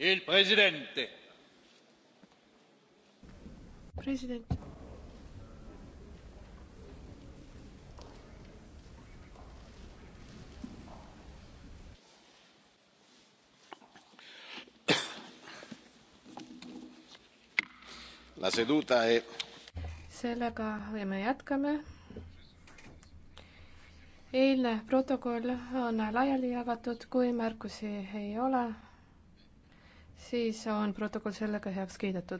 il presidente president la seduta è sellega me jätkame eilne protokoll on laiali jagatud kui märkusi ei ole siis on protokoll sellega heaks kiidetud.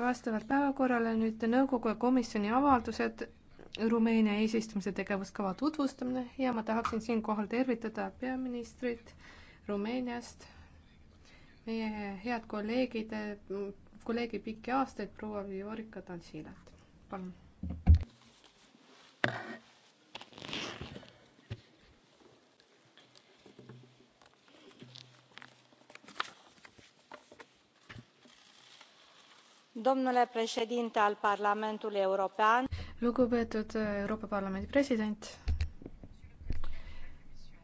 vastavalt päevakorrale nüüd nõukogu ja komisjoni avaldused Rumeenia eesistumise tegevuskava tutvustamine ja ma tahaksin siinkohal tervitada peaministrit Rumeeniast, meie head kolleegid, kolleegi pikki aastaid, proua Viorica Dancilat, palun. domnule președinte al parlamentului european lugupeetud uh, euroopa parlamendi president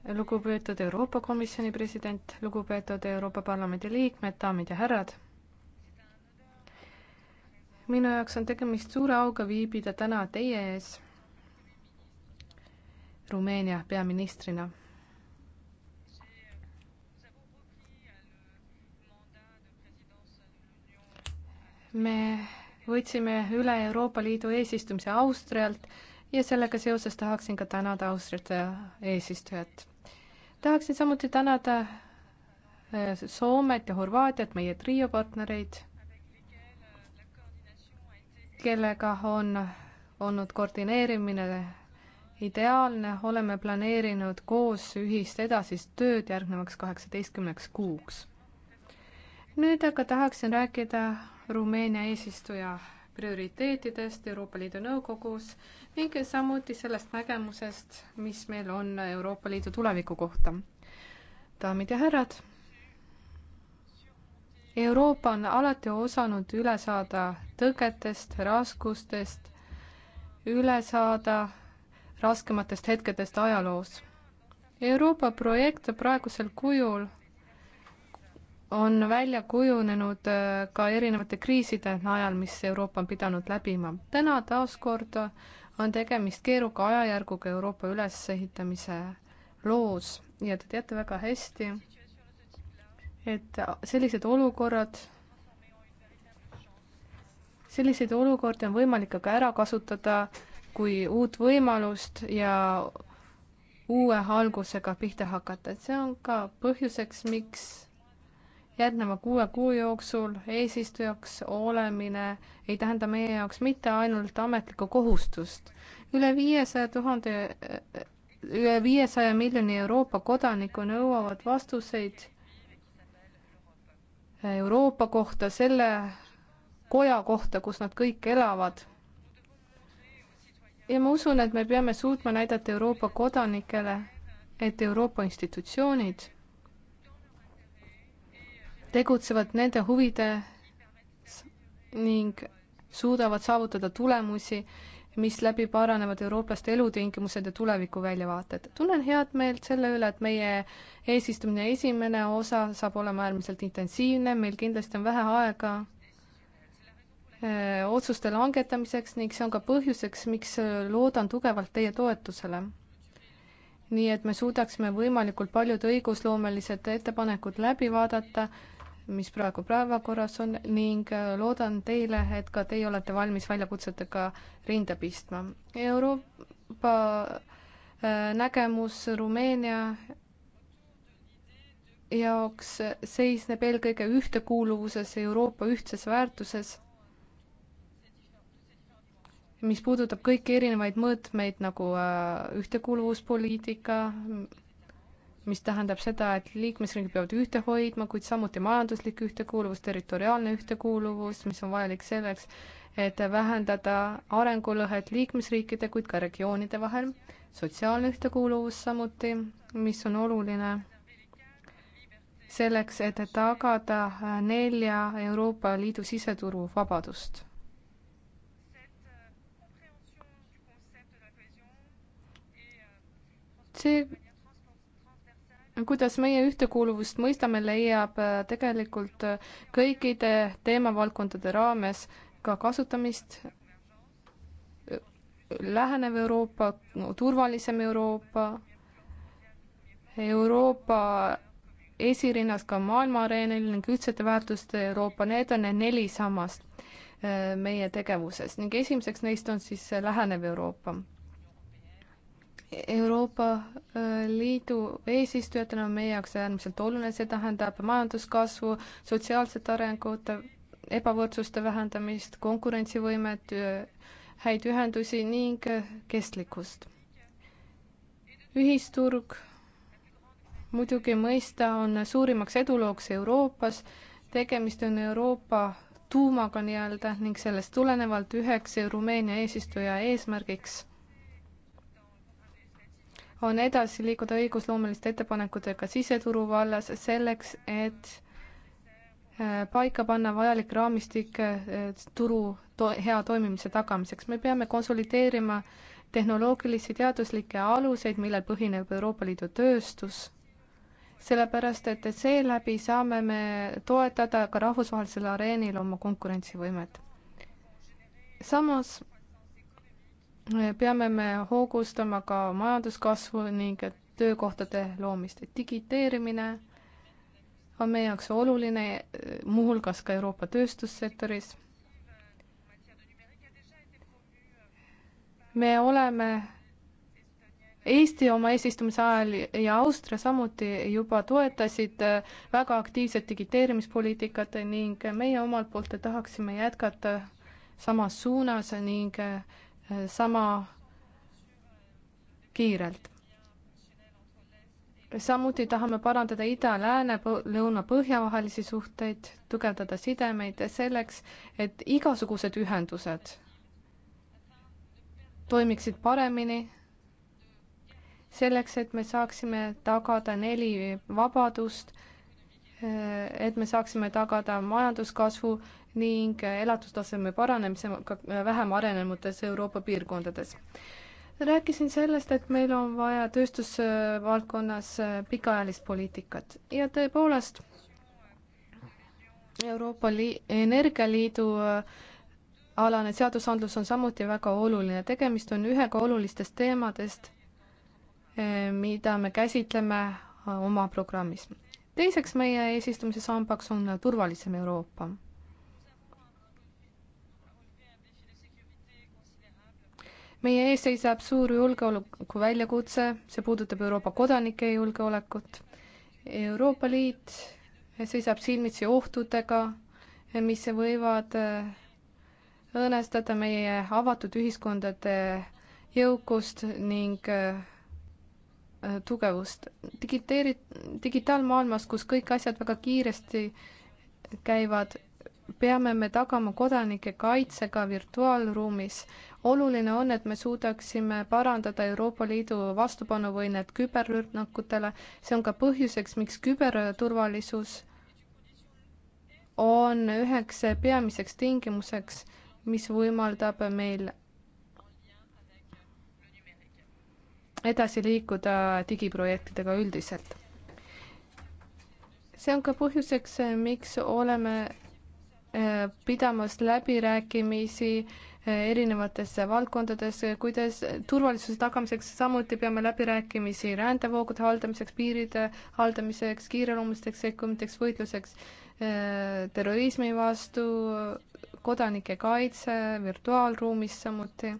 lugupeetud euroopa komisjoni president lugupeetud euroopa parlamendi liikmed daamid ja härrad minu jaoks on tegemist suure auga viibida täna teie ees rumeenia peaministrina me võtsime üle Euroopa Liidu eesistumise Austrialt ja sellega seoses tahaksin ka tänada Austriat eesistujat. tahaksin samuti tänada äh, Soomet ja Horvaatiat, meie trio partnereid, kellega on olnud koordineerimine ideaalne, oleme planeerinud koos ühist edasist tööd järgnevaks kaheksateistkümneks kuuks. nüüd aga tahaksin rääkida Rumeenia eesistuja prioriteetidest Euroopa Liidu Nõukogus ning samuti sellest nägemusest, mis meil on Euroopa Liidu tuleviku kohta. daamid ja härrad, Euroopa on alati osanud üle saada tõketest, raskustest, üle saada raskematest hetkedest ajaloos. Euroopa projekt praegusel kujul on välja kujunenud äh, ka erinevate kriiside najal, mis Euroopa on pidanud läbima. täna taaskord on tegemist keeruka ajajärguga Euroopa ülesehitamise loos ja te teate väga hästi, et sellised olukorrad, selliseid olukordi on võimalik aga ära kasutada kui uut võimalust ja uue algusega pihta hakata, et see on ka põhjuseks, miks järgneva kuue kuu jooksul eesistujaks olemine ei tähenda meie jaoks mitte ainult ametlikku kohustust. üle viiesaja tuhande, üle viiesaja miljoni Euroopa kodaniku nõuavad vastuseid Euroopa kohta, selle koja kohta, kus nad kõik elavad ja ma usun, et me peame suutma näidata Euroopa kodanikele, et Euroopa institutsioonid tegutsevad nende huvides ning suudavad saavutada tulemusi, misläbi paranevad eurooplaste elutingimused ja tuleviku väljavaated. tunnen head meelt selle üle, et meie eesistumine esimene osa saab olema äärmiselt intensiivne, meil kindlasti on vähe aega öö, eh, otsuste langetamiseks ning see on ka põhjuseks, miks eh, loodan tugevalt teie toetusele. nii et me suudaksime võimalikult paljud õigusloomelised ettepanekud läbi vaadata mis praegu päevakorras on ning äh, loodan teile, et ka teie olete valmis väljakutsetega rinda pistma. Euroopa äh, nägemus Rumeenia jaoks seisneb eelkõige ühtekuuluvuses, Euroopa ühtses väärtuses, mis puudutab kõiki erinevaid mõõtmeid nagu äh, ühtekuuluvuspoliitika, mis tähendab seda, et liikmesriigid peavad ühte hoidma, kuid samuti majanduslik ühtekuuluvus, territoriaalne ühtekuuluvus, mis on vajalik selleks, et vähendada arengulõhet liikmesriikide, kuid ka regioonide vahel, sotsiaalne ühtekuuluvus samuti, mis on oluline selleks, et tagada nelja Euroopa Liidu siseturu vabadust. see kuidas meie ühtekuuluvust mõistame, leiab äh, tegelikult äh, kõikide teemavaldkondade raames ka kasutamist. Äh, lähenev Euroopa no,, turvalisem Euroopa, Euroopa esirinnas ka maailma areenil ning ühtsete väärtuste Euroopa, need on need neli sammast meie tegevuses ning esimeseks neist on siis lähenev Euroopa Euroopa äh, Liidu eesistujatena on meie jaoks äärmiselt oluline, see tähendab majanduskasvu, sotsiaalset arengut, ebavõrdsuste vähendamist, konkurentsivõimet, äh, häid ühendusi ning äh, kestlikkust. ühisturg muidugi mõista on suurimaks edulooks Euroopas, tegemist on Euroopa tuumaga nii-öelda ning sellest tulenevalt üheks Rumeenia eesistuja eesmärgiks on edasi liikuda õigusloomeliste ettepanekutega siseturu vallas selleks, et äh, paika panna vajalik raamistik äh, turu to hea toimimise tagamiseks. me peame konsolideerima tehnoloogilisi teaduslikke aluseid, millel põhineb Euroopa Liidu tööstus, sellepärast et seeläbi saame me toetada ka rahvusvahelisel areenil oma konkurentsivõimet. samas peame me hoogustama ka majanduskasvu ning töökohtade loomist. digiteerimine on meie jaoks oluline, eh, muuhulgas ka Euroopa tööstussektoris. me oleme Eesti oma eesistumise ajal ja Austria samuti juba toetasid eh, väga aktiivset digiteerimispoliitikat ning meie omalt poolt tahaksime jätkata samas suunas ning eh, sama kiirelt. samuti tahame parandada ida-lääne, lõuna-põhja vahelisi suhteid, tugevdada sidemeid selleks, et igasugused ühendused toimiksid paremini, selleks, et me saaksime tagada neli vabadust, et me saaksime tagada majanduskasvu ning elatustaseme paranemisega vähem arenenud Euroopa piirkondades rääkisin sellest, et meil on vaja tööstusvaldkonnas äh, pikaajalist poliitikat ja tõepoolest Euroopa Li-, Energialiidu äh, alane seadusandlus on samuti väga oluline, tegemist on ühega olulistest teemadest, äh, mida me käsitleme oma programmis. teiseks meie eesistumise sambaks on turvalisem Euroopa meie ees seisab suur julgeoleku väljakutse, see puudutab Euroopa kodanike julgeolekut. Euroopa Liit seisab silmitsi ohtudega, mis võivad äh, õõnestada meie avatud ühiskondade jõukust ning äh, äh, tugevust. digiteeri-, digitaalmaailmas, kus kõik asjad väga kiiresti käivad, peame me tagama kodanike kaitse ka virtuaalruumis, oluline on, et me suudaksime parandada Euroopa Liidu vastupanuvõimet küberrünnakutele, see on ka põhjuseks, miks küberturvalisus on üheks peamiseks tingimuseks, mis võimaldab meil edasi liikuda digiprojektidega üldiselt. see on ka põhjuseks, miks oleme eh, pidamas läbirääkimisi äh, erinevates valdkondades, kuidas turvalisuse tagamiseks samuti peame läbirääkimisi rändevoogude haldamiseks, piiride haldamiseks, kiireloomulisteks sekkumiteks, võitluseks äh, terrorismi vastu, kodanike kaitse, virtuaalruumis samuti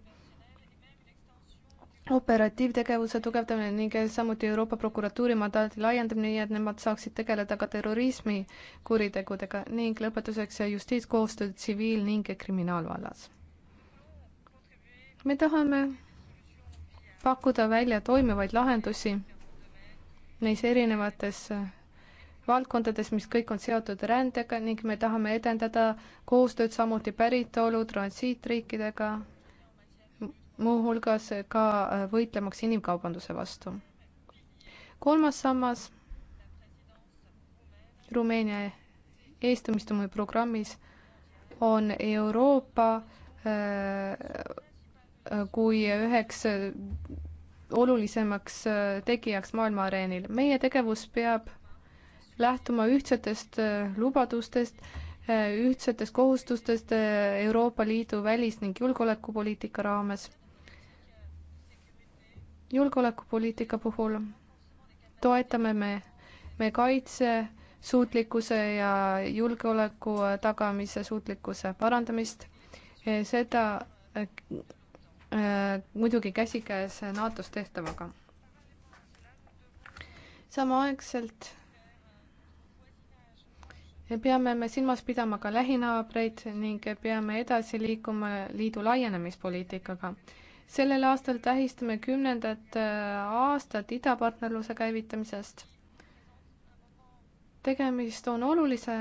operatiivtegevuse tugevdamine ning samuti Euroopa prokuratuuri mandaadi laiendamine, nii et nemad saaksid tegeleda ka terrorismi kuritegudega ning lõpetuseks justiitskoostöö tsiviil- ning kriminaalvallas me tahame pakkuda välja toimivaid lahendusi neis erinevates valdkondades, mis kõik on seotud rändega ning me tahame edendada koostööd samuti päritolu transiitriikidega, muuhulgas ka võitlemaks inimkaubanduse vastu. kolmas sammas Rumeenia eestumistumi programmis on Euroopa äh, kui üheks äh, olulisemaks äh, tegijaks maailma areenil. meie tegevus peab lähtuma ühtsetest äh, lubadustest, ühtsetest kohustustest Euroopa Liidu välis- ning julgeolekupoliitika raames. julgeolekupoliitika puhul toetame me, me kaitsesuutlikkuse ja julgeoleku tagamise suutlikkuse parandamist, seda Äh, muidugi käsikäes NATO-s tehtavaga. samaaegselt peame me silmas pidama ka lähinaabreid ning peame edasi liikuma liidu laienemispoliitikaga. sellel aastal tähistame kümnendat äh, aastat idapartnerluse käivitamisest. tegemist on olulise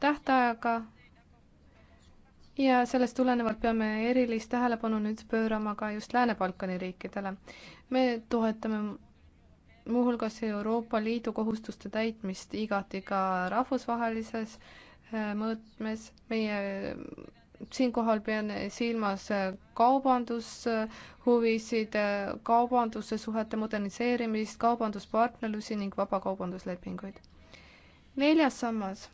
tähtajaga ja sellest tulenevalt peame erilist tähelepanu nüüd pöörama ka just Lääne-Balkani riikidele. me toetame muuhulgas Euroopa Liidu kohustuste täitmist igati ka rahvusvahelises äh, mõõtmes, meie äh, siinkohal pean silmas äh, kaubandushuvisid, kaubanduse suhete moderniseerimist, kaubanduspartnerlusi ning vabakaubanduslepinguid. neljas sammas,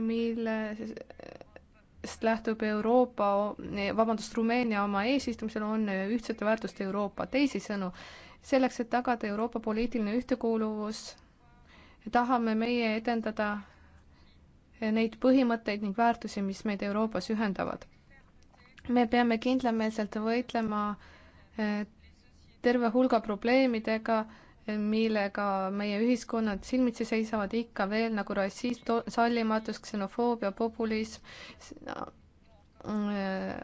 mille millest lähtub Euroopa, vabandust, Rumeenia oma eesistumisel, on ühtsete väärtuste Euroopa. teisisõnu, selleks, et tagada Euroopa poliitiline ühtekuuluvus, tahame meie edendada neid põhimõtteid ning väärtusi, mis meid Euroopas ühendavad. me peame kindlameelselt võitlema eh, terve hulga probleemidega millega meie ühiskonnad silmitsi seisavad ikka veel, nagu rassism, sallimatus, ksenofoobia, populism. Äh,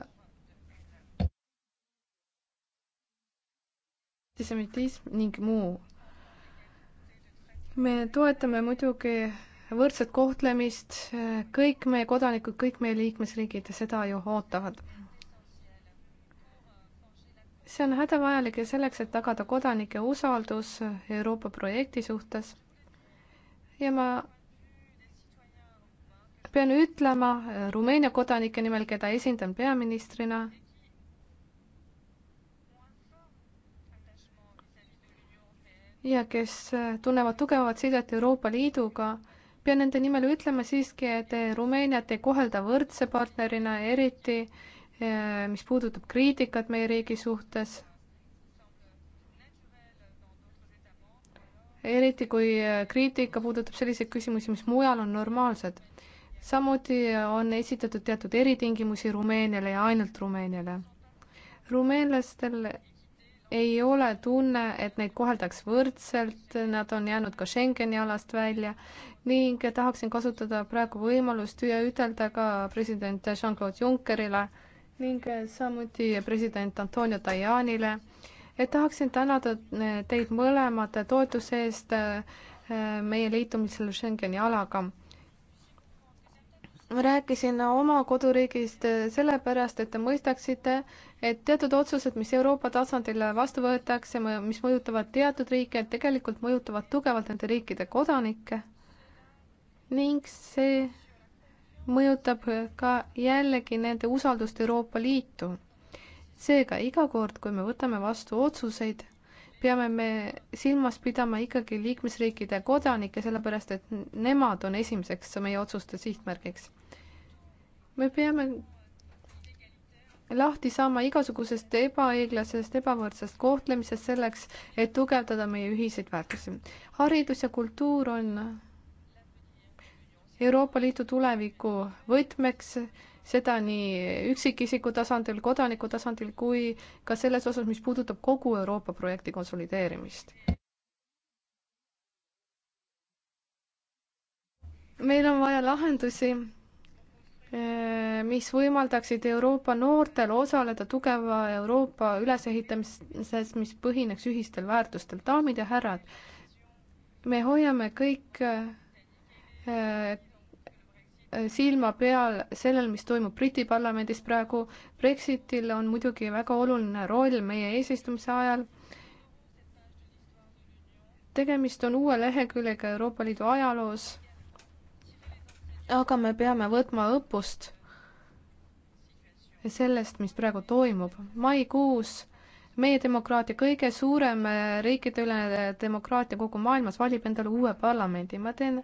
antisemitism ning muu. me toetame muidugi võrdset kohtlemist, äh, kõik meie kodanikud, kõik meie liikmesriigid seda ju ootavad see on hädavajalik ja selleks, et tagada kodanike usaldus Euroopa projekti suhtes. ja ma pean ütlema Rumeenia kodanike nimel, keda esindan peaministrina, ja kes tunnevad tugevat sidet Euroopa Liiduga, pean nende nimel ütlema siiski, et Rumeeniat ei kohelda võrdse partnerina, eriti Äh, mis puudutab kriitikat meie riigi suhtes. eriti kui äh, kriitika puudutab selliseid küsimusi, mis mujal on normaalsed. samuti äh, on esitatud teatud eritingimusi Rumeeniale ja ainult Rumeeniale. rumeenlastel ei ole tunne, et neid koheldaks võrdselt, nad on jäänud ka Schengeni alast välja ning tahaksin kasutada praegu võimalust ja ütelda ka president Jean-Claude Junckerile ning eh, samuti president Antonio Tajanile, et tahaksin tänada eh, teid mõlemate toetuse eest eh, meie liitumisel Schengeni alaga. ma rääkisin oma koduriigist sellepärast, et te mõistaksite, et teatud otsused, mis Euroopa tasandil vastu võetakse, mis mõjutavad teatud riike, tegelikult mõjutavad tugevalt nende riikide kodanikke ning see mõjutab ka jällegi nende usaldust Euroopa Liitu. seega iga kord, kui me võtame vastu otsuseid, peame me silmas pidama ikkagi liikmesriikide kodanikke, sellepärast et nemad on esimeseks meie otsuste sihtmärgiks. me peame lahti saama igasugusest ebaõiglasest, ebavõrdsest kohtlemisest selleks, et tugevdada meie ühiseid väärtusi. haridus ja kultuur on Euroopa Liidu tuleviku võtmeks, seda nii üksikisiku tasandil, kodaniku tasandil kui ka selles osas, mis puudutab kogu Euroopa projekti konsolideerimist. meil on vaja lahendusi mis võimaldaksid Euroopa noortel osaleda tugeva Euroopa ülesehitamises, mis põhineks ühistel väärtustel. daamid ja härrad, me hoiame kõik silma peal sellel, mis toimub Briti parlamendis praegu. Brexitil on muidugi väga oluline roll meie eesistumise ajal. tegemist on uue leheküljega Euroopa Liidu ajaloos. aga me peame võtma õppust sellest, mis praegu toimub. maikuus meie demokraatia, kõige suurem riikideülene demokraatia kogu maailmas valib endale uue parlamendi. ma teen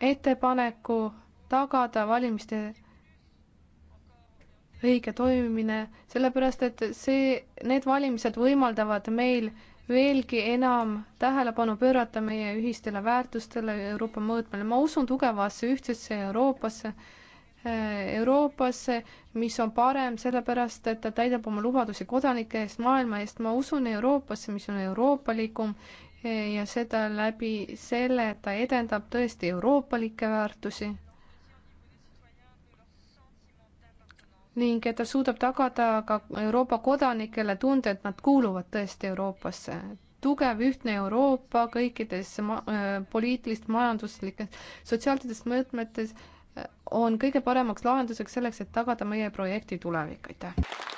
ettepaneku tagada valimiste õige toimimine, sellepärast et see, need valimised võimaldavad meil veelgi enam tähelepanu pöörata meie ühistele väärtustele Euroopa mõõtmele. ma usun tugevasse ühtsesse Euroopasse, Euroopasse, mis on parem sellepärast, et ta täidab oma lubadusi kodanike eest, maailma eest, ma usun Euroopasse, mis on euroopalikum ja seda läbi selle, et ta edendab tõesti euroopalikke väärtusi ning et ta suudab tagada ka Euroopa kodanikele tunde, et nad kuuluvad tõesti Euroopasse. tugev ühtne Euroopa kõikides ma-, poliitilist, majanduslikes, sotsiaalsetes mõõtmetes on kõige paremaks lahenduseks selleks, et tagada meie projekti tulevik, aitäh!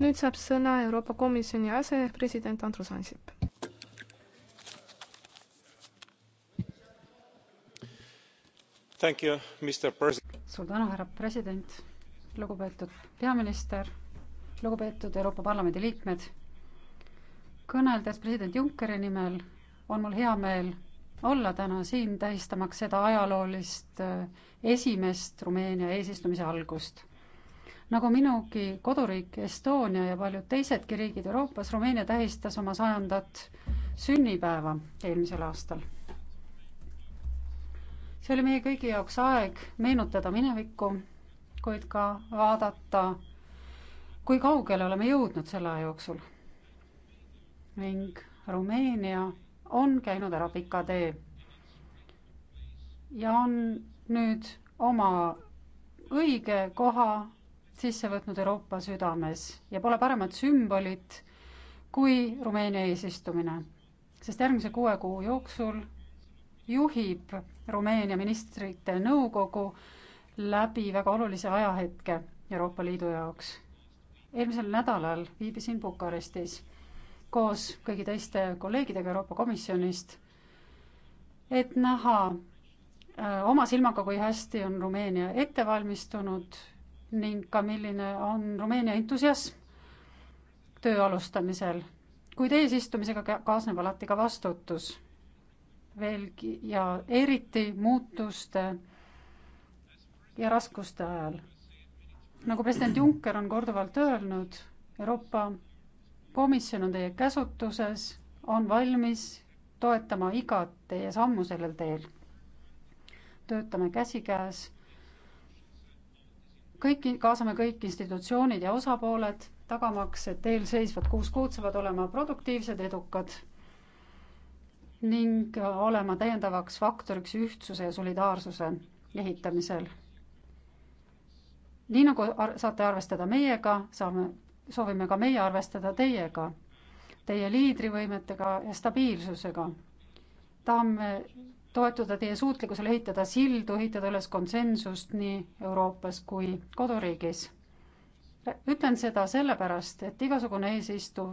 nüüd saab sõna Euroopa Komisjoni asepresident Andrus Ansip. suur tänu, härra president, lugupeetud peaminister, lugupeetud Euroopa Parlamendi liikmed. kõneldes president Junckeri nimel, on mul hea meel olla täna siin, tähistamaks seda ajaloolist eh, esimest Rumeenia eesistumise algust nagu minugi koduriik Estonia ja paljud teisedki riigid Euroopas, Rumeenia tähistas oma sajandat sünnipäeva eelmisel aastal. see oli meie kõigi jaoks aeg meenutada minevikku, kuid ka vaadata, kui kaugele oleme jõudnud selle aja jooksul. ning Rumeenia on käinud ära pika tee ja on nüüd oma õige koha sisse võtnud Euroopa südames ja pole paremat sümbolit kui Rumeenia eesistumine, sest järgmise kuue kuu jooksul juhib Rumeenia ministrite nõukogu läbi väga olulise ajahetke Euroopa Liidu jaoks. eelmisel nädalal viibisin Bukarestis koos kõigi teiste kolleegidega Euroopa Komisjonist, et näha oma silmaga, kui hästi on Rumeenia ette valmistunud ning ka milline on Rumeenia entusiasm töö alustamisel, kuid eesistumisega kaasneb alati ka vastutus veelgi ja eriti muutuste ja raskuste ajal. nagu president Juncker on korduvalt öelnud, Euroopa Komisjon on teie käsutuses, on valmis toetama igat teie sammu sellel teel. töötame käsikäes kõik, kaasame kõik institutsioonid ja osapooled, tagamaks, et eelseisvad kuus kuud saavad olema produktiivsed, edukad ning olema täiendavaks faktoriks ühtsuse ja solidaarsuse ehitamisel. nii nagu ar saate arvestada meiega, saame, soovime ka meie arvestada teiega, teie liidrivõimetega ja stabiilsusega. tahame toetuda teie suutlikkusele ehitada sildu, ehitada üles konsensust nii Euroopas kui koduriigis. ütlen seda sellepärast, et igasugune eesistuv,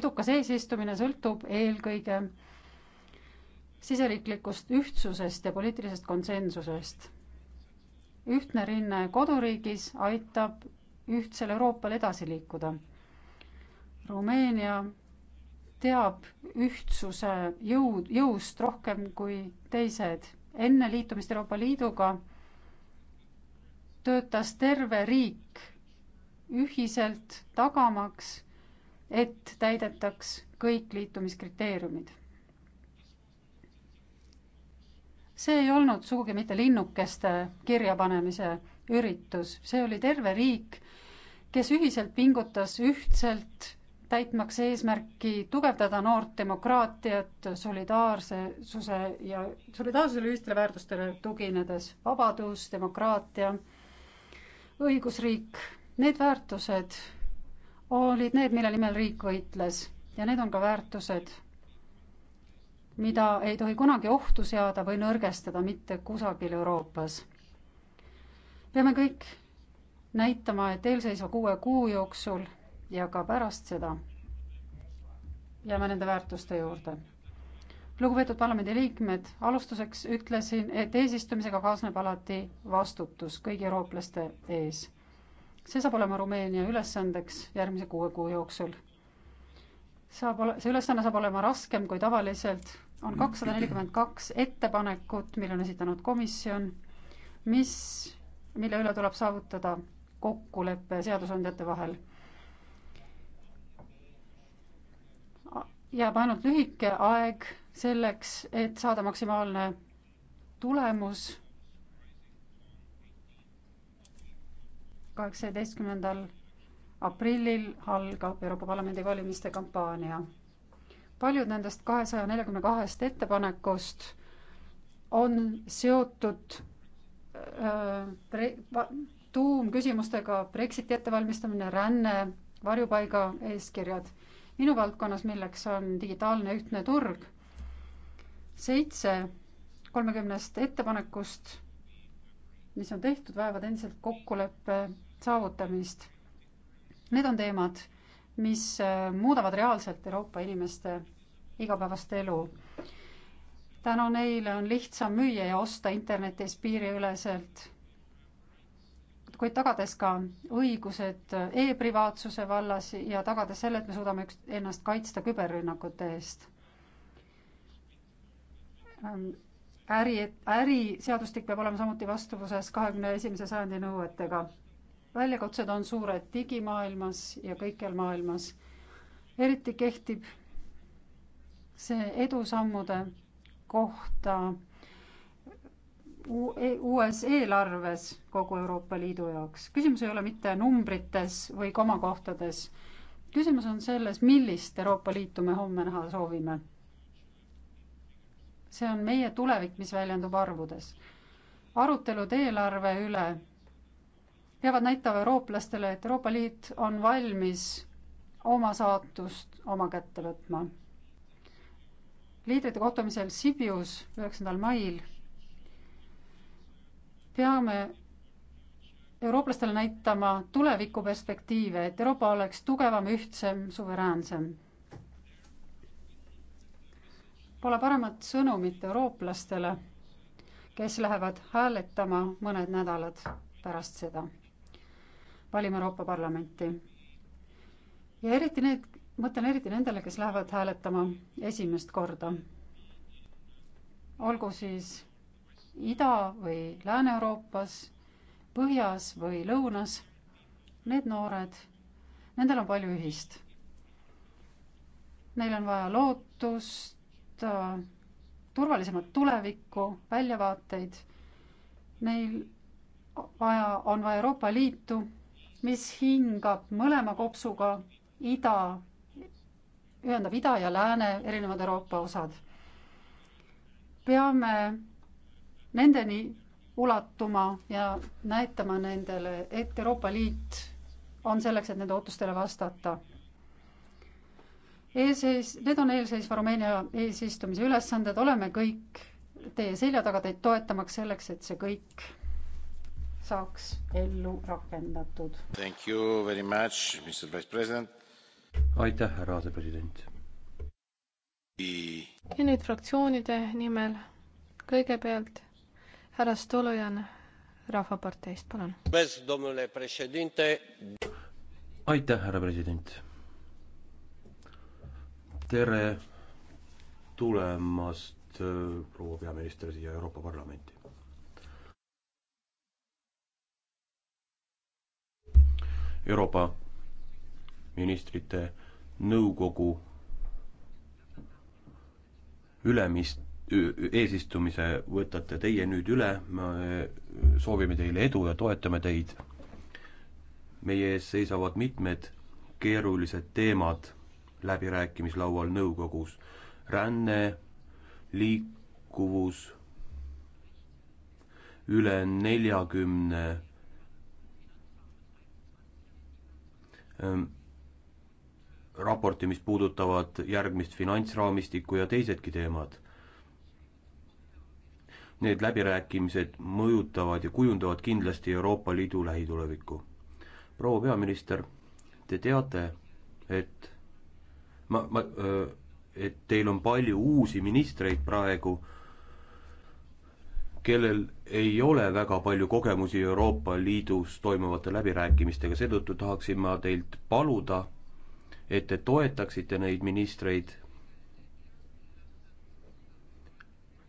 edukas eesistumine sõltub eelkõige siseriiklikust ühtsusest ja poliitilisest konsensusest. ühtne rinne koduriigis aitab ühtsel Euroopal edasi liikuda. Rumeenia teab ühtsuse jõud, jõust rohkem kui teised. enne liitumist Euroopa Liiduga töötas terve riik ühiselt tagamaks, et täidetaks kõik liitumiskriteeriumid. see ei olnud sugugi mitte linnukeste kirjapanemise üritus, see oli terve riik, kes ühiselt pingutas ühtselt täitmaks eesmärki tugevdada noort demokraatiat solidaarsuse ja solidaarsusele ühistele väärtustele tuginedes, vabadus, demokraatia, õigusriik, need väärtused olid need, mille nimel riik võitles ja need on ka väärtused, mida ei tohi kunagi ohtu seada või nõrgestada mitte kusagil Euroopas. peame kõik näitama, et eelseisva kuue kuu jooksul ja ka pärast seda jääme nende väärtuste juurde. lugupeetud parlamendiliikmed, alustuseks ütlesin, et eesistumisega kaasneb alati vastutus kõigi eurooplaste ees. see saab olema Rumeenia ülesandeks järgmise kuue kuu jooksul. saab ole-, see ülesanne saab olema raskem kui tavaliselt, on kakssada nelikümmend kaks ettepanekut, mille on esitanud komisjon, mis, mille üle tuleb saavutada kokkulepe seadusandjate vahel jääb ainult lühike aeg selleks, et saada maksimaalne tulemus. kaheksateistkümnendal aprillil algab Euroopa Parlamendi valimiste kampaania. paljud nendest kahesaja neljakümne kahest ettepanekust on seotud äh, tuumküsimustega Brexiti ettevalmistamine, ränne, varjupaiga eeskirjad minu valdkonnas, milleks on digitaalne ühtne turg. seitse kolmekümnest ettepanekust, mis on tehtud, vajavad endiselt kokkuleppe saavutamist. Need on teemad, mis äh, muudavad reaalselt Euroopa inimeste igapäevast elu tänu neile on lihtsam müüa ja osta internetis piiriüleselt kuid tagades ka õigused e-privaatsuse vallas ja tagades selle, et me suudame üks, ennast kaitsta küberrünnakute eest. Ähm, äri, äriseadustik peab olema samuti vastavuses kahekümne esimese sajandi nõuetega. väljakutsed on suured digimaailmas ja kõikjal maailmas. eriti kehtib see edusammude kohta uues e, e eelarves kogu Euroopa Liidu jaoks. küsimus ei ole mitte numbrites või komakohtades. küsimus on selles, millist Euroopa Liitu me homme näha soovime. see on meie tulevik, mis väljendub arvudes. arutelud eelarve üle peavad näitama eurooplastele, et Euroopa Liit on valmis oma saatust oma kätte võtma. liidrite kohtumisel Sibius üheksandal mail peame eurooplastele näitama tulevikuperspektiive, et Euroopa oleks tugevam, ühtsem, suveräänsem. Pole paremat sõnumit eurooplastele, kes lähevad hääletama mõned nädalad pärast seda. valima Euroopa Parlamenti. ja eriti need, mõtlen eriti nendele, kes lähevad hääletama esimest korda. olgu siis Ida- või Lääne-Euroopas, põhjas või lõunas, need noored, nendel on palju ühist. Neil on vaja lootust, äh, turvalisemat tulevikku, väljavaateid. Neil vaja, on vaja Euroopa Liitu, mis hingab mõlema kopsuga ida, ühendab ida ja lääne erinevad Euroopa osad. peame nendeni ulatuma ja näitama nendele, et Euroopa Liit on selleks, et nende ootustele vastata. Eelseis, need on eelseisva Rumeenia eesistumise ülesanded, oleme kõik teie selja taga teid toetamaks selleks, et see kõik saaks ellu rakendatud. aitäh, härra asepresident. ja nüüd fraktsioonide nimel kõigepealt härra Stolojan Rahvaparteist, palun. aitäh, härra president. tere tulemast, äh, proua peaminister, siia Euroopa Parlamenti. Euroopa ministrite nõukogu Ülemist eesistumise võtate teie nüüd üle, me soovime teile edu ja toetame teid. meie ees seisavad mitmed keerulised teemad läbirääkimislaual nõukogus. ränne, liikuvus, üle neljakümne ähm, raporti, mis puudutavad järgmist finantsraamistikku ja teisedki teemad Need läbirääkimised mõjutavad ja kujundavad kindlasti Euroopa Liidu lähitulevikku. proua peaminister, te teate, et ma, ma, et teil on palju uusi ministreid praegu, kellel ei ole väga palju kogemusi Euroopa Liidus toimuvate läbirääkimistega, seetõttu tahaksin ma teilt paluda, et te toetaksite neid ministreid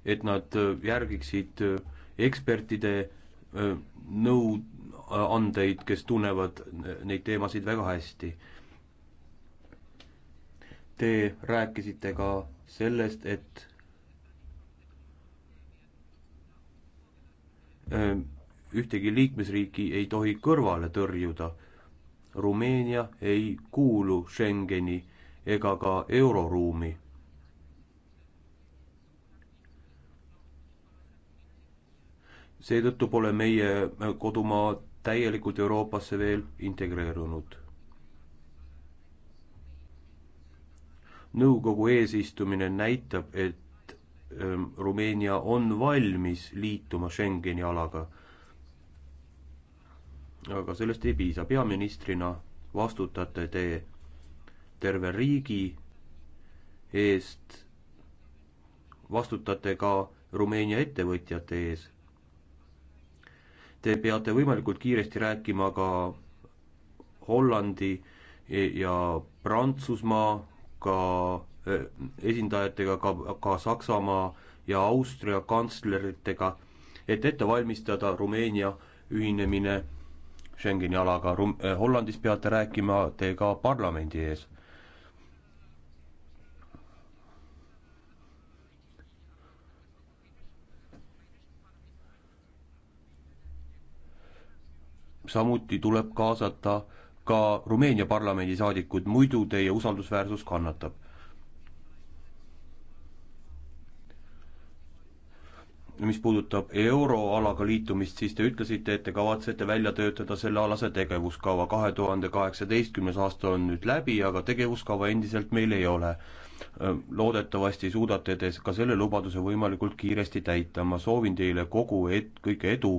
et nad äh, järgiksid äh, ekspertide äh, nõuandeid, kes tunnevad neid teemasid väga hästi. Te rääkisite ka sellest, et ühtegi liikmesriiki ei tohi kõrvale tõrjuda. Rumeenia ei kuulu Schengeni ega ka euroruumi seetõttu pole meie kodumaa täielikult Euroopasse veel integreerunud. nõukogu eesistumine näitab, et ähm, Rumeenia on valmis liituma Schengeni alaga. aga sellest ei piisa, peaministrina vastutate te terve riigi eest, vastutate ka Rumeenia ettevõtjate ees Te peate võimalikult kiiresti rääkima ka Hollandi ja Prantsusmaa, ka esindajatega, ka, ka Saksamaa ja Austria kantsleritega, et ette valmistada Rumeenia ühinemine Schengeni alaga. Hollandis peate rääkima te ka parlamendi ees samuti tuleb kaasata ka Rumeenia parlamendi saadikud, muidu teie usaldusväärsus kannatab. mis puudutab euroalaga liitumist, siis te ütlesite, et te kavatsete välja töötada sellealase tegevuskava, kahe tuhande kaheksateistkümnes aasta on nüüd läbi, aga tegevuskava endiselt meil ei ole loodetavasti suudate te ka selle lubaduse võimalikult kiiresti täita, ma soovin teile kogu ed-, kõike edu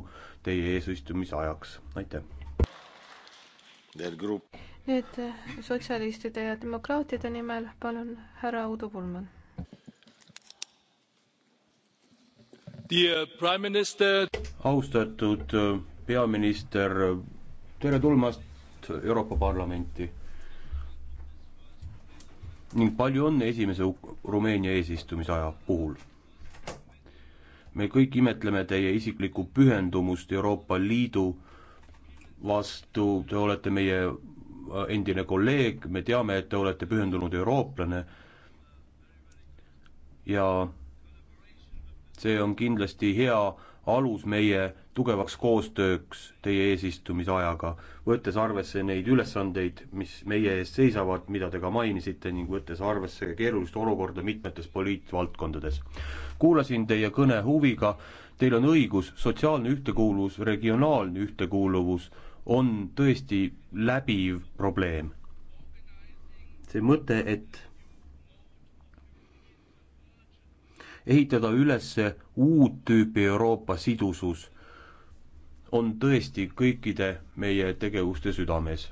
teie eesistumise ajaks, aitäh! nüüd äh, sotsialistide ja demokraatide nimel palun härra Udu Pulman. austatud äh, peaminister, tere tulemast Euroopa Parlamenti ning palju õnne esimese Rumeenia eesistumisaja puhul. me kõik imetleme teie isiklikku pühendumust Euroopa Liidu vastu, te olete meie äh, endine kolleeg, me teame, et te olete pühendunud eurooplane ja see on kindlasti hea alus meie tugevaks koostööks teie eesistumisajaga, võttes arvesse neid ülesandeid, mis meie ees seisavad, mida te ka mainisite, ning võttes arvesse keerulist olukorda mitmetes poliitvaldkondades. kuulasin teie kõne huviga, teil on õigus, sotsiaalne ühtekuuluvus, regionaalne ühtekuuluvus on tõesti läbiv probleem. see mõte, et ehitada üles uut tüüpi Euroopa sidusus on tõesti kõikide meie tegevuste südames.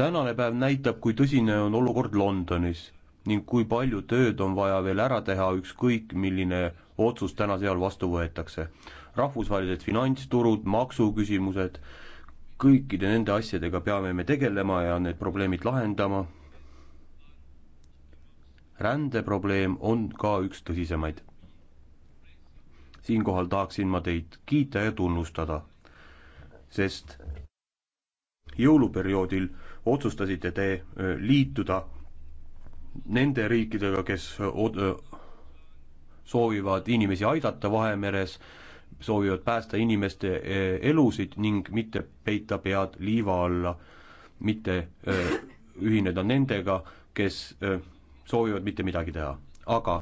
tänane päev näitab, kui tõsine on olukord Londonis ning kui palju tööd on vaja veel ära teha, ükskõik milline otsus täna seal vastu võetakse. rahvusvahelised finantsturud, maksuküsimused, kõikide nende asjadega peame me tegelema ja need probleemid lahendama rändeprobleem on ka üks tõsisemaid. siinkohal tahaksin ma teid kiita ja tunnustada, sest jõuluperioodil otsustasite te liituda nende riikidega, kes soovivad inimesi aidata Vahemeres, soovivad päästa inimeste elusid ning mitte peita pead liiva alla, mitte ühineda nendega, kes soovivad mitte midagi teha, aga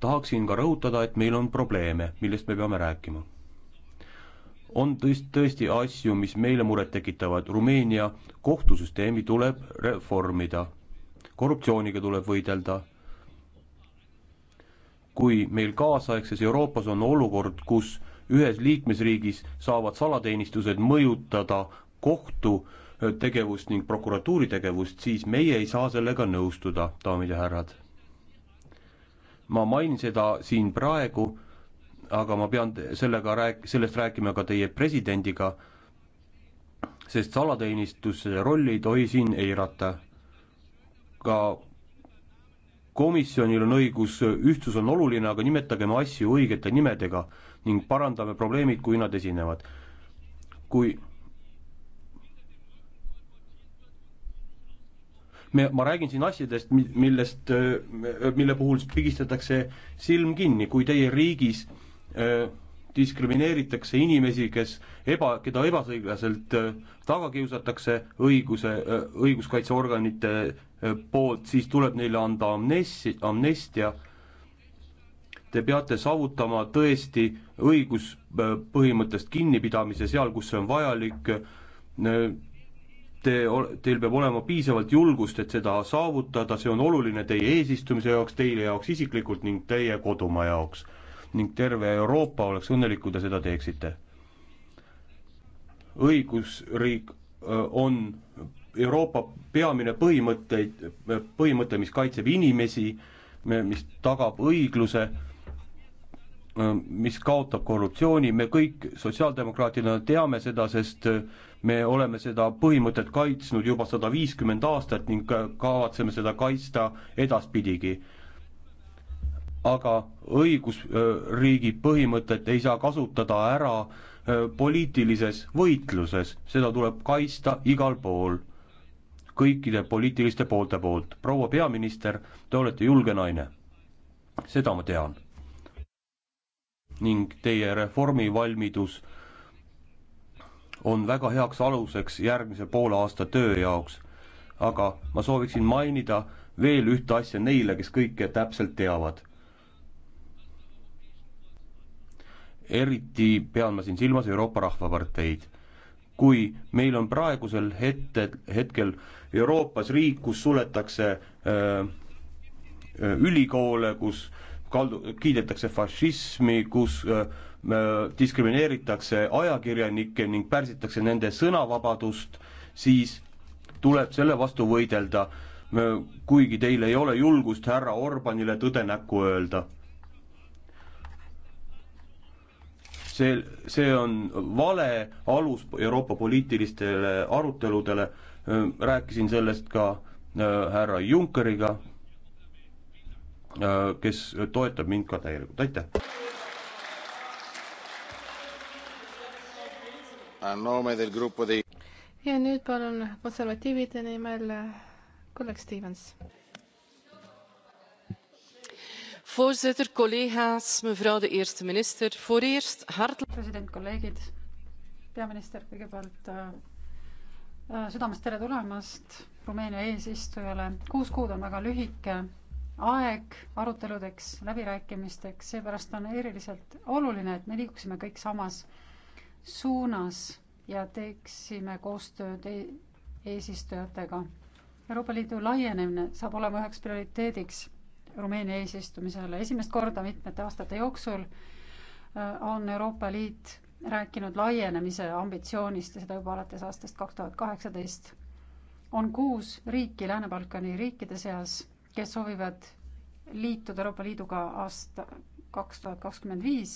tahaksin ka rõhutada, et meil on probleeme, millest me peame rääkima. on tõest-, tõesti asju, mis meile muret tekitavad, Rumeenia kohtusüsteemi tuleb reformida, korruptsiooniga tuleb võidelda, kui meil kaasaegses Euroopas on olukord, kus ühes liikmesriigis saavad salateenistused mõjutada kohtu äh, tegevust ning prokuratuuri tegevust, siis meie ei saa sellega nõustuda, daamid ja härrad. ma mainin seda siin praegu, aga ma pean sellega rääk-, sellest rääkima ka teie presidendiga, sest salateenistuse rolli ei tohi siin eirata. ka komisjonil on õigus, ühtsus on oluline, aga nimetagem asju õigete nimedega ning parandame probleemid, kui nad esinevad. kui me, ma räägin siin asjadest, millest, mille puhul pigistatakse silm kinni, kui teie riigis öö, diskrimineeritakse inimesi, kes eba, keda ebaõiglaselt taga kiusatakse õiguse, õiguskaitseorganite poolt, siis tuleb neile anda amnesti-, amnestia. Te peate saavutama tõesti õiguspõhimõttest kinnipidamise seal, kus see on vajalik Te, teil peab olema piisavalt julgust, et seda saavutada, see on oluline teie eesistumise jaoks, teile jaoks isiklikult ning teie kodumaa jaoks. ning terve Euroopa oleks õnnelik, kui te seda teeksite. õigusriik on Euroopa peamine põhimõtteid, põhimõte, mis kaitseb inimesi, mis tagab õigluse, mis kaotab korruptsiooni, me kõik sotsiaaldemokraatidena teame seda, sest me oleme seda põhimõtet kaitsnud juba sada viiskümmend aastat ning kavatseme seda kaitsta edaspidigi. aga õigusriigi põhimõtet ei saa kasutada ära äh, poliitilises võitluses, seda tuleb kaitsta igal pool, kõikide poliitiliste poolte poolt. proua peaminister, te olete julge naine, seda ma tean. ning teie reformivalmidus äh, on väga heaks aluseks järgmise poole aasta töö jaoks. aga ma sooviksin mainida veel ühte asja neile, kes kõike täpselt teavad. eriti pean ma siin silmas Euroopa Rahvaparteid. kui meil on praegusel hette, hetkel Euroopas riik, kus suletakse öö, öö, ülikoole, kus öö, kaldu, kiidetakse fašismi, kus diskrimineeritakse ajakirjanikke ning pärsitakse nende sõnavabadust, siis tuleb selle vastu võidelda, kuigi teil ei ole julgust härra Orbanile tõde näkku öelda. see, see on vale alus Euroopa poliitilistele aruteludele, rääkisin sellest ka härra Junckeriga, Äh, kes toetab mind ka täielikult, aitäh. ja nüüd palun konservatiivide nimel äh, kolleeg Stevens. voorzitter, kolleegas, mevrouw de eerste minister, vooreerst hart-. president, kolleegid, peaminister kõigepealt äh, südamest tere tulemast Rumeenia eesistujale. kuus kuud on väga lühike aeg aruteludeks, läbirääkimisteks, seepärast on eriliselt oluline, et me liiguksime kõik samas suunas ja teeksime koostööd e eesistujatega. Euroopa Liidu laienemine saab olema üheks prioriteediks Rumeenia eesistumisel. esimest korda mitmete aastate jooksul äh, on Euroopa Liit rääkinud laienemise ambitsioonist ja seda juba alates aastast kaks tuhat kaheksateist. on kuus riiki Lääne-Balkani riikide seas kes soovivad liituda Euroopa Liiduga aasta kaks tuhat kakskümmend viis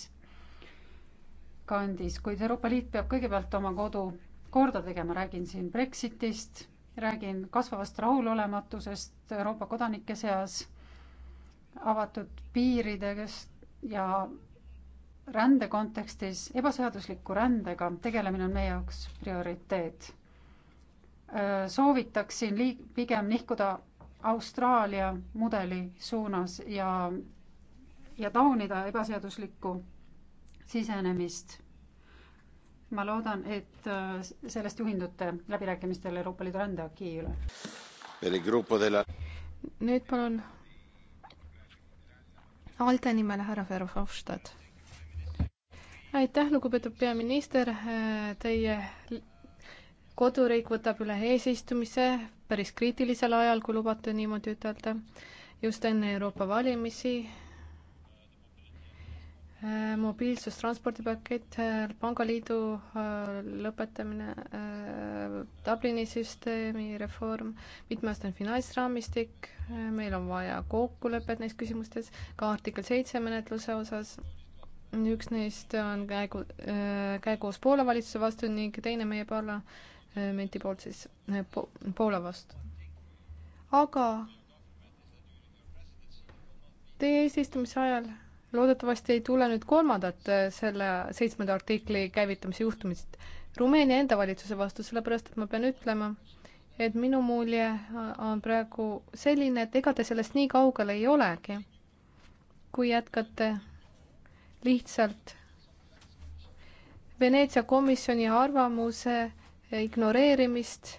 kandis, kuid Euroopa Liit peab kõigepealt oma kodu korda tegema, räägin siin Brexitist, räägin kasvavast rahulolematusest Euroopa kodanike seas, avatud piiridest ja rände kontekstis ebaseadusliku rändega tegelemine on meie jaoks prioriteet. soovitaksin liig-, pigem nihkuda Austraalia mudeli suunas ja, ja taunida ebaseaduslikku sisenemist. ma loodan, et äh, sellest juhindute läbirääkimistel Euroopa Liidu rändeaki üle. nüüd palun ALDE nimel härra Verhofstadt. aitäh, lugupeetud peaminister, äh, teie koduriik võtab üle eesistumise päris kriitilisel ajal, kui lubate niimoodi ütelda, just enne Euroopa valimisi äh, mobiilsus, transpordipakett, äh, pangaliidu äh, lõpetamine, Dublini süsteemi reform, mitmeaastane finantsraamistik, meil on vaja kokkulepet neis küsimustes, ka artikkel seitse menetluse osas, üks neist on käigu, käigus Poola valitsuse vastu ning teine meie parla-, menti poolt siis eh, po Poola vastu. aga teie eesistumise ajal loodetavasti ei tule nüüd kolmandat eh, selle seitsmenda artikli käivitamise juhtumist Rumeenia enda valitsuse vastu, sellepärast et ma pean ütlema, et minu mulje on praegu selline, et ega te sellest nii kaugel ei olegi, kui jätkate lihtsalt Veneetsia komisjoni arvamuse ignoreerimist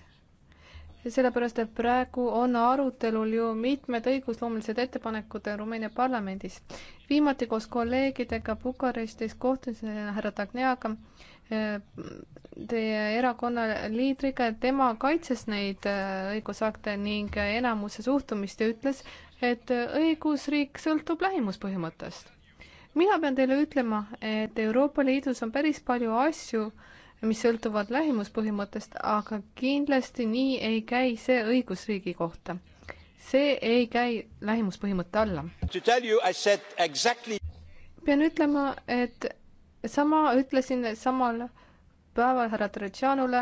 sellepärast, et praegu on arutelul ju mitmed õigusloomelised ettepanekud Rumeenia parlamendis. viimati koos kolleegidega Bukarestis kohtusin härra Dagneaga, eh, teie erakonna liidriga, tema kaitses neid eh, õigusakte ning enamuse suhtumist ja ütles, et õigusriik sõltub lähimuspõhimõttest. mina pean teile ütlema, et Euroopa Liidus on päris palju asju, mis sõltuvad lähimuspõhimõttest, aga kindlasti nii ei käi see õigusriigi kohta. see ei käi lähimuspõhimõtte alla. Exactly... pean ütlema, et sama ütlesin samal päeval härra Tretšanule,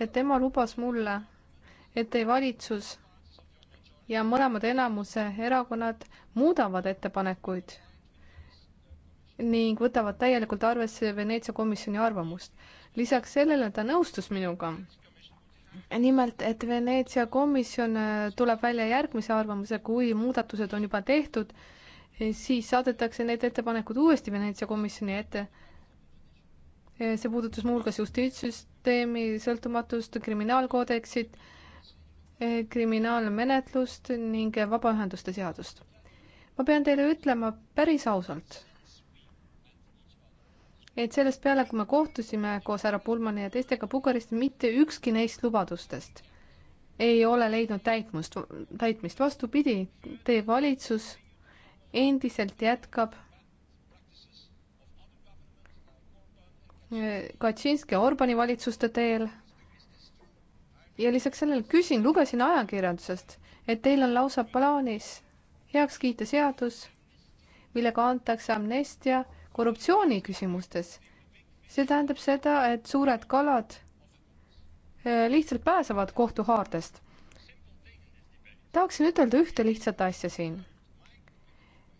et tema lubas mulle, et teie valitsus ja mõlemad enamuse erakonnad muudavad ettepanekuid ning võtavad täielikult arvesse Veneetsia komisjoni arvamust. lisaks sellele ta nõustus minuga. nimelt, et Veneetsia komisjon äh, tuleb välja järgmise arvamuse, kui muudatused on juba tehtud, eh, siis saadetakse need ettepanekud uuesti Veneetsia komisjoni ette. Eh, see puudutas muuhulgas justiitssüsteemi sõltumatust, kriminaalkoodeksit, eh, kriminaalmenetlust ning vabaühenduste seadust. ma pean teile ütlema päris ausalt et sellest peale, kui me kohtusime koos härra Pulmani ja teistega Bukarestis, mitte ükski neist lubadustest ei ole leidnud täitmust, täitmist. vastupidi, teie valitsus endiselt jätkab äh, Kaczynski ja Orbani valitsuste teel. ja lisaks sellele küsin, lugesin ajakirjandusest, et teil on lausa plaanis heaks kiita seadus, millega antakse amnestia korruptsiooni küsimustes. see tähendab seda, et suured kalad eh, lihtsalt pääsevad kohtu haardest. tahaksin ütelda ühte lihtsat asja siin.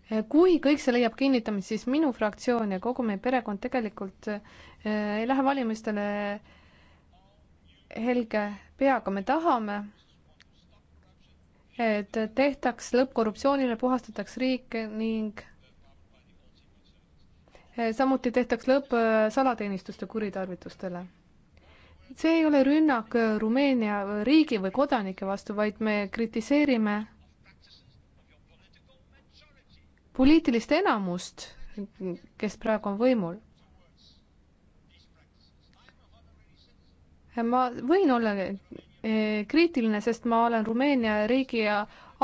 Eh, kui kõik see leiab kinnitamist, siis minu fraktsioon ja kogu meie perekond tegelikult eh, ei lähe valimistele helge peaga, me tahame, et tehtaks lõpp korruptsioonile, puhastataks riik ning Eh, samuti tehtaks lõpp eh, salateenistuste kuritarvitustele. see ei ole rünnak eh, Rumeenia riigi või kodanike vastu, vaid me kritiseerime poliitilist enamust, kes praegu on võimul. ma võin olla kriitiline, sest ma olen Rumeenia riigi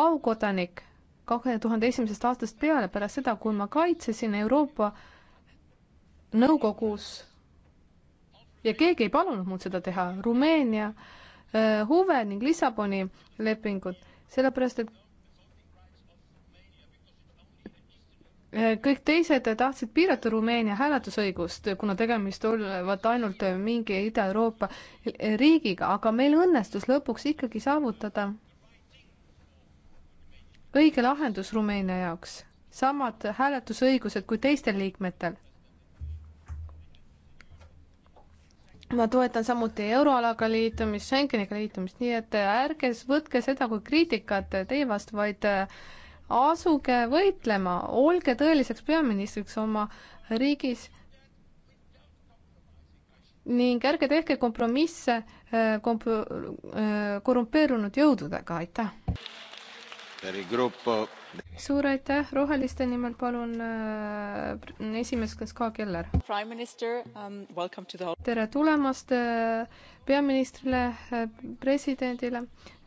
aukodanik kahe tuhande esimesest aastast peale, pärast seda, kui ma kaitsesin Euroopa äh, nõukogus ja keegi ei palunud mul seda teha, Rumeenia äh, huve ning Lissaboni lepingut, sellepärast et äh, kõik teised tahtsid piirata Rumeenia hääletusõigust, kuna tegemist olevat ainult mingi Ida-Euroopa riigiga, aga meil õnnestus lõpuks ikkagi saavutada õige lahendus Rumeenia jaoks, samad hääletusõigused kui teistel liikmetel. ma toetan samuti euroalaga liitumist, Schengeniga liitumist, nii et ärge võtke seda kui kriitikat teie vastu, vaid äh, asuge võitlema, olge tõeliseks peaministriks oma riigis ning ärge tehke kompromisse äh, komp-, äh, korrumpeerunud jõududega, aitäh! suur aitäh, roheliste nimel palun äh, esimees Ska Keller. Um, the... tere tulemast äh, peaministrile äh,, presidendile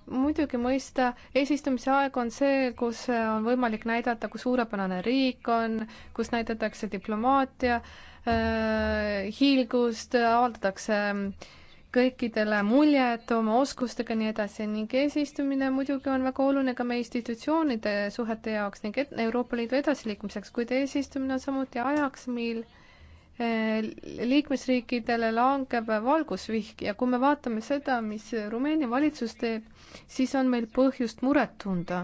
muidugi mõista, eesistumise aeg on see, kus äh, on võimalik näidata, kui suurepärane riik on, kus näidatakse diplomaatia äh,, hiilgust, äh, avaldatakse äh, kõikidele muljed oma oskustega ja nii edasi ning eesistumine muidugi on väga oluline ka meie institutsioonide suhete jaoks ning et Euroopa Liidu edasiliikumiseks, kuid eesistumine on samuti ajaks, mil eh, liikmesriikidele langeb valgusvihk ja kui me vaatame seda, mis Rumeenia valitsus teeb, siis on meil põhjust muret tunda.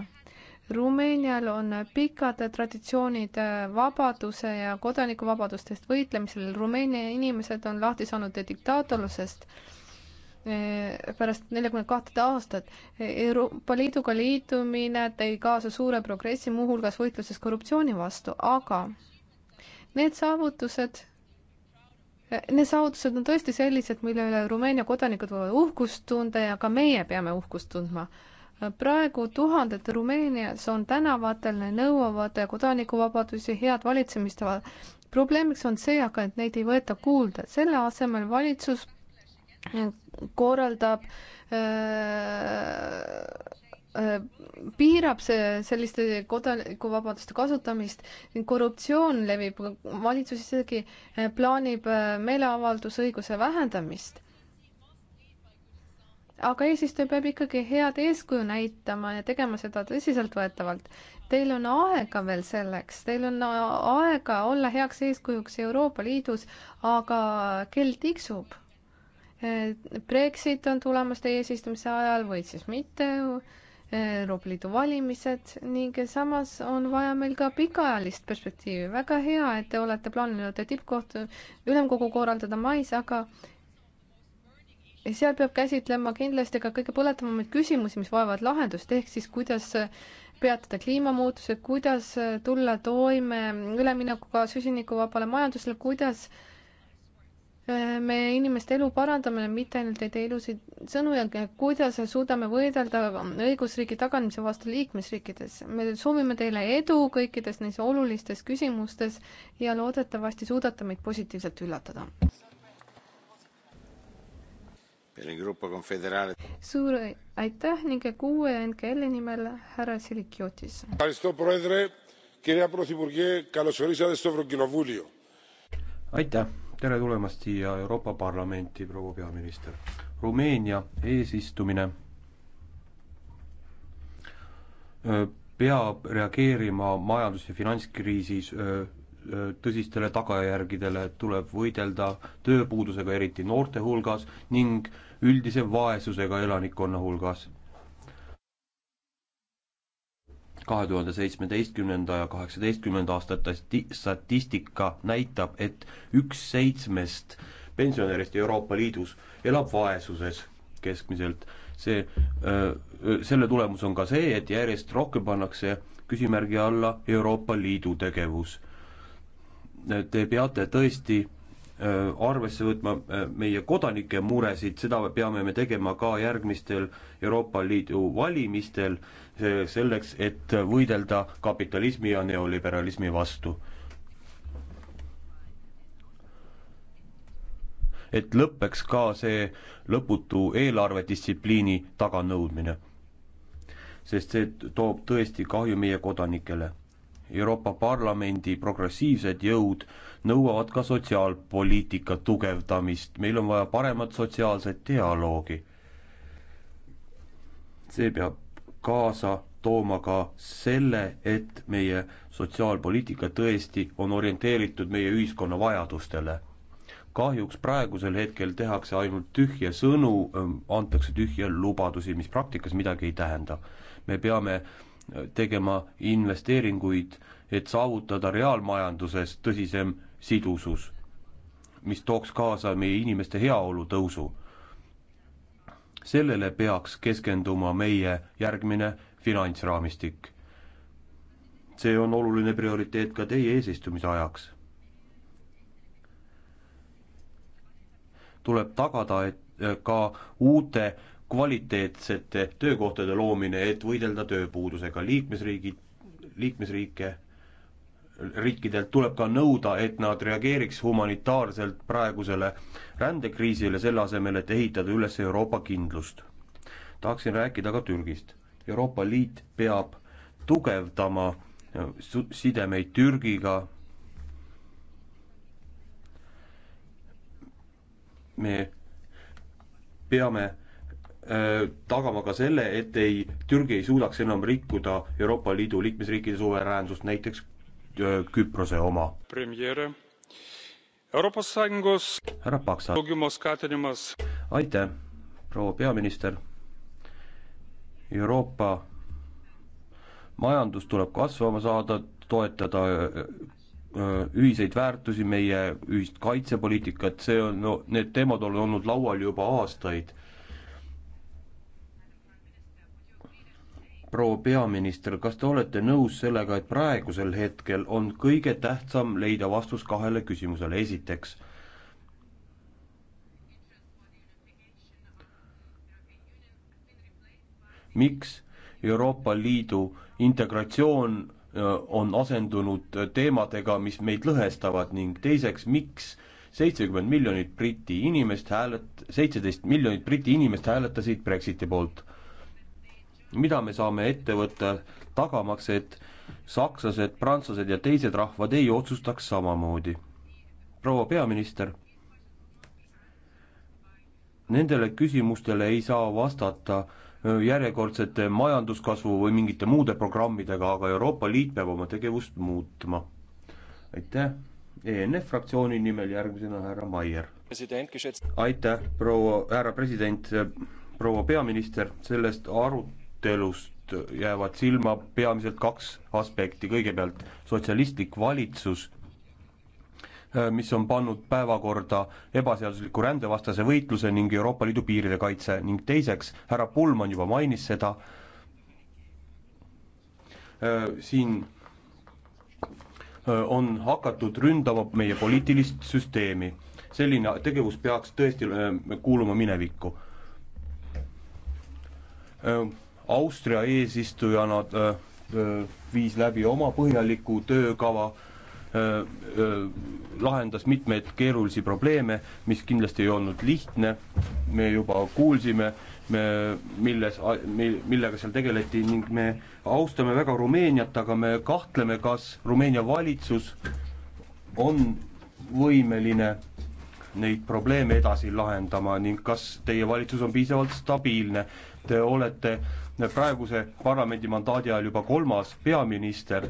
Rumeenial on pikad traditsioonid vabaduse ja kodanikuvabadustest võitlemisel. Rumeenia inimesed on lahti saanud diktaatorlusest eh, pärast neljakümne kahte aastat. Euroopa Liiduga liitumine tõi kaasa suure progressi, muuhulgas võitluses korruptsiooni vastu, aga need saavutused, need saavutused on tõesti sellised, mille üle Rumeenia kodanikud võivad uhkust tunda ja ka meie peame uhkust tundma praegu tuhanded Rumeenias on tänavatel, nõuavad kodanikuvabadusi, head valitsemist. probleemiks on see aga, et neid ei võeta kuulda, selle asemel valitsus äh, korraldab öö, äh, äh, piirab see selliste kodanikuvabaduste kasutamist ning korruptsioon levib, valitsus isegi plaanib meeleavaldusõiguse vähendamist aga eesistuja peab ikkagi head eeskuju näitama ja tegema seda tõsiseltvõetavalt. Teil on aega veel selleks, teil on aega olla heaks eeskujuks Euroopa Liidus, aga kell tiksub. E, Brexit on tulemas teie eesistumise ajal või siis mitte, e, Euroopa Liidu valimised ning samas on vaja meil ka pikaajalist perspektiivi. väga hea, et te olete plaaninud tippkohtu, ülemkogu korraldada mais, aga ja seal peab käsitlema kindlasti ka kõige põletavamaid küsimusi, mis vajavad lahendust, ehk siis kuidas äh, peatada kliimamuutused, kuidas äh, tulla toime üleminekuga süsinikuvabale majandusele, kuidas äh, me inimeste elu parandame, mitte ainult ei tee ilusaid sõnu ja kuidas suudame võidelda õigusriigi taganemise vastu liikmesriikides. me soovime teile edu kõikides neis olulistes küsimustes ja loodetavasti suudate meid positiivselt üllatada suur aitäh ning kuue NKL-i nimel härra Silikiotis. aitäh, tere tulemast siia Euroopa Parlamenti, proua peaminister. Rumeenia eesistumine peab reageerima majandus- ja finantskriisis öö, tõsistele tagajärgidele, tuleb võidelda tööpuudusega, eriti noorte hulgas, ning üldise vaesusega elanikkonna hulgas. kahe tuhande seitsmeteistkümnenda ja kaheksateistkümnenda aasta statistika näitab, et üks seitsmest pensionärist Euroopa Liidus elab vaesuses keskmiselt. see, selle tulemus on ka see, et järjest rohkem pannakse küsimärgi alla Euroopa Liidu tegevus te peate tõesti äh, arvesse võtma äh, meie kodanike muresid, seda peame me tegema ka järgmistel Euroopa Liidu valimistel, selleks, et võidelda kapitalismi ja neoliberalismi vastu. et lõpeks ka see lõputu eelarvedistsipliini taganõudmine. sest see toob tõesti kahju meie kodanikele Euroopa Parlamendi progressiivsed jõud nõuavad ka sotsiaalpoliitika tugevdamist, meil on vaja paremat sotsiaalset dialoogi. see peab kaasa tooma ka selle, et meie sotsiaalpoliitika tõesti on orienteeritud meie ühiskonna vajadustele. kahjuks praegusel hetkel tehakse ainult tühje sõnu, antakse tühje lubadusi, mis praktikas midagi ei tähenda. me peame äh, tegema investeeringuid, et saavutada reaalmajanduses tõsisem sidusus, mis tooks kaasa meie inimeste heaolu tõusu. sellele peaks keskenduma meie järgmine finantsraamistik. see on oluline prioriteet ka teie eesistumise ajaks. tuleb tagada, et ka uute kvaliteetsete töökohtade loomine, et võidelda tööpuudusega, liikmesriigid, liikmesriike, riikidelt tuleb ka nõuda, et nad reageeriks humanitaarselt praegusele rändekriisile, selle asemel, et ehitada üles Euroopa kindlust. tahaksin rääkida ka Türgist. Euroopa Liit peab tugevdama sidemeid Türgiga, me peame Äh, tagama ka selle, et ei, Türgi ei suudaks enam rikkuda Euroopa Liidu liikmesriikide suveräänsust, näiteks äh, Küprose oma. härra Paksa. aitäh, proua peaminister. Euroopa majandus tuleb kasvama saada, toetada äh, ühiseid väärtusi, meie ühist kaitsepoliitikat, see on, no need teemad on olnud laual juba aastaid proua peaminister, kas te olete nõus sellega, et praegusel hetkel on kõige tähtsam leida vastus kahele küsimusele, esiteks miks Euroopa Liidu integratsioon äh, on asendunud teemadega, mis meid lõhestavad ning teiseks, miks seitsekümmend miljonit Briti inimest häälet-, seitseteist miljonit Briti inimest hääletasid Brexiti poolt mida me saame ette võtta, tagamaks, et sakslased, prantslased ja teised rahvad ei otsustaks samamoodi? proua peaminister, nendele küsimustele ei saa vastata järjekordsete majanduskasvu või mingite muude programmidega, aga Euroopa Liit peab oma tegevust muutma. aitäh, ENF fraktsiooni nimel järgmisena härra Maier. aitäh, proua, härra president, proua peaminister, sellest arut-, arutelust jäävad silma peamiselt kaks aspekti, kõigepealt sotsialistlik valitsus, äh, mis on pannud päevakorda ebaseadusliku rändevastase võitluse ning Euroopa Liidu piiride kaitse ning teiseks, härra Pullmann juba mainis seda, äh, siin äh, on hakatud ründama meie poliitilist süsteemi. selline tegevus peaks tõesti kuuluma minevikku Austria eesistujana äh, äh, viis läbi oma põhjaliku töökava, äh, lahendas mitmeid keerulisi probleeme, mis kindlasti ei olnud lihtne, me juba kuulsime, me, milles, millega seal tegeleti ning me austame väga Rumeeniat, aga me kahtleme, kas Rumeenia valitsus on võimeline neid probleeme edasi lahendama ning kas teie valitsus on piisavalt stabiilne. Te olete äh, praeguse parlamendi mandaadi ajal juba kolmas peaminister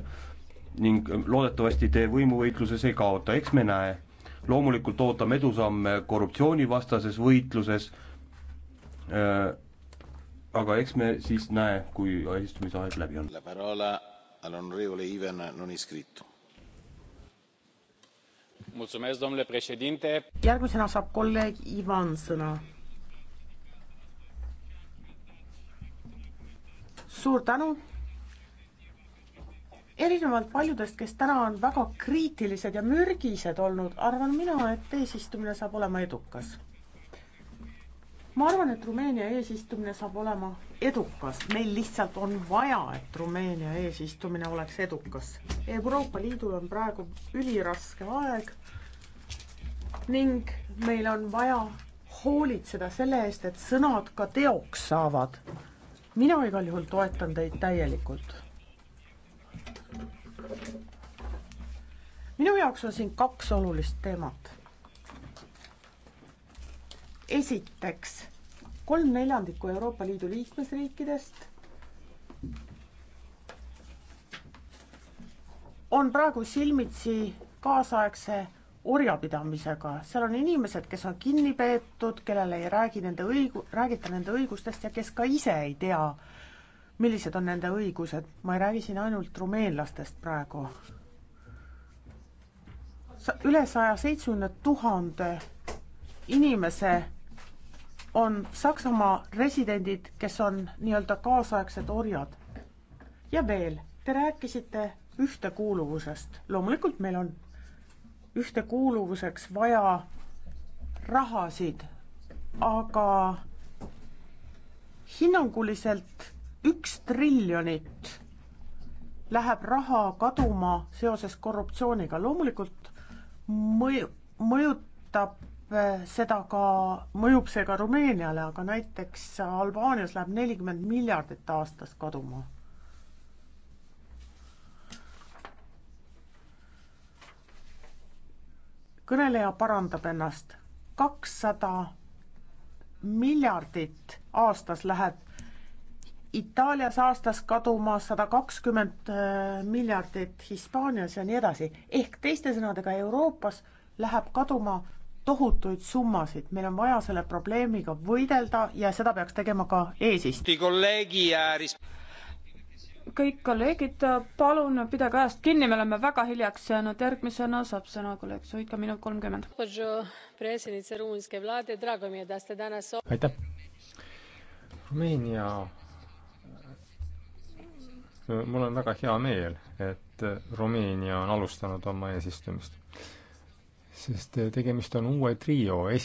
ning loodetavasti te võimuvõitluses ei kaota, eks me näe. loomulikult ootame edusamme korruptsioonivastases võitluses äh,, aga eks me siis näe, kui istumisaeg läbi on. järgmisena saab kolleeg Ivan sõna suur tänu. erinevalt paljudest, kes täna on väga kriitilised ja mürgised olnud, arvan mina, et eesistumine saab olema edukas. ma arvan, et Rumeenia eesistumine saab olema edukas, meil lihtsalt on vaja, et Rumeenia eesistumine oleks edukas. Euroopa Liidul on praegu üliraske aeg ning meil on vaja hoolitseda selle eest, et sõnad ka teoks saavad mina igal juhul toetan teid täielikult. minu jaoks on siin kaks olulist teemat. esiteks, kolm neljandikku Euroopa Liidu liikmesriikidest on praegu silmitsi kaasaegse orjapidamisega, seal on inimesed, kes on kinni peetud, kellele ei räägi nende õigu-, räägita nende õigustest ja kes ka ise ei tea, millised on nende õigused, ma ei räägi siin ainult rumeenlastest praegu. üle saja seitsmekümne tuhande inimese on Saksamaa residendid, kes on nii-öelda kaasaegsed orjad. ja veel, te rääkisite ühtekuuluvusest, loomulikult meil on ühtekuuluvuseks vaja rahasid, aga hinnanguliselt üks triljonit läheb raha kaduma seoses korruptsiooniga, loomulikult mõju, mõjutab eh, seda ka, mõjub see ka Rumeeniale, aga näiteks Albaanias läheb nelikümmend miljardit aastas kaduma kõneleja parandab ennast, kakssada miljardit aastas läheb Itaalias aastas kaduma sada kakskümmend äh, miljardit, Hispaanias ja nii edasi, ehk teiste sõnadega Euroopas läheb kaduma tohutuid summasid, meil on vaja selle probleemiga võidelda ja seda peaks tegema ka eesistuja kõik kolleegid, palun pidage ajast kinni, me oleme väga hiljaks jäänud, järgmisena saab sõna kolleeg Suika, minut kolmkümmend. aitäh. Rumeenia, mul on väga hea meel, et Rumeenia on alustanud oma eesistumist, sest tegemist on uue trio esi-.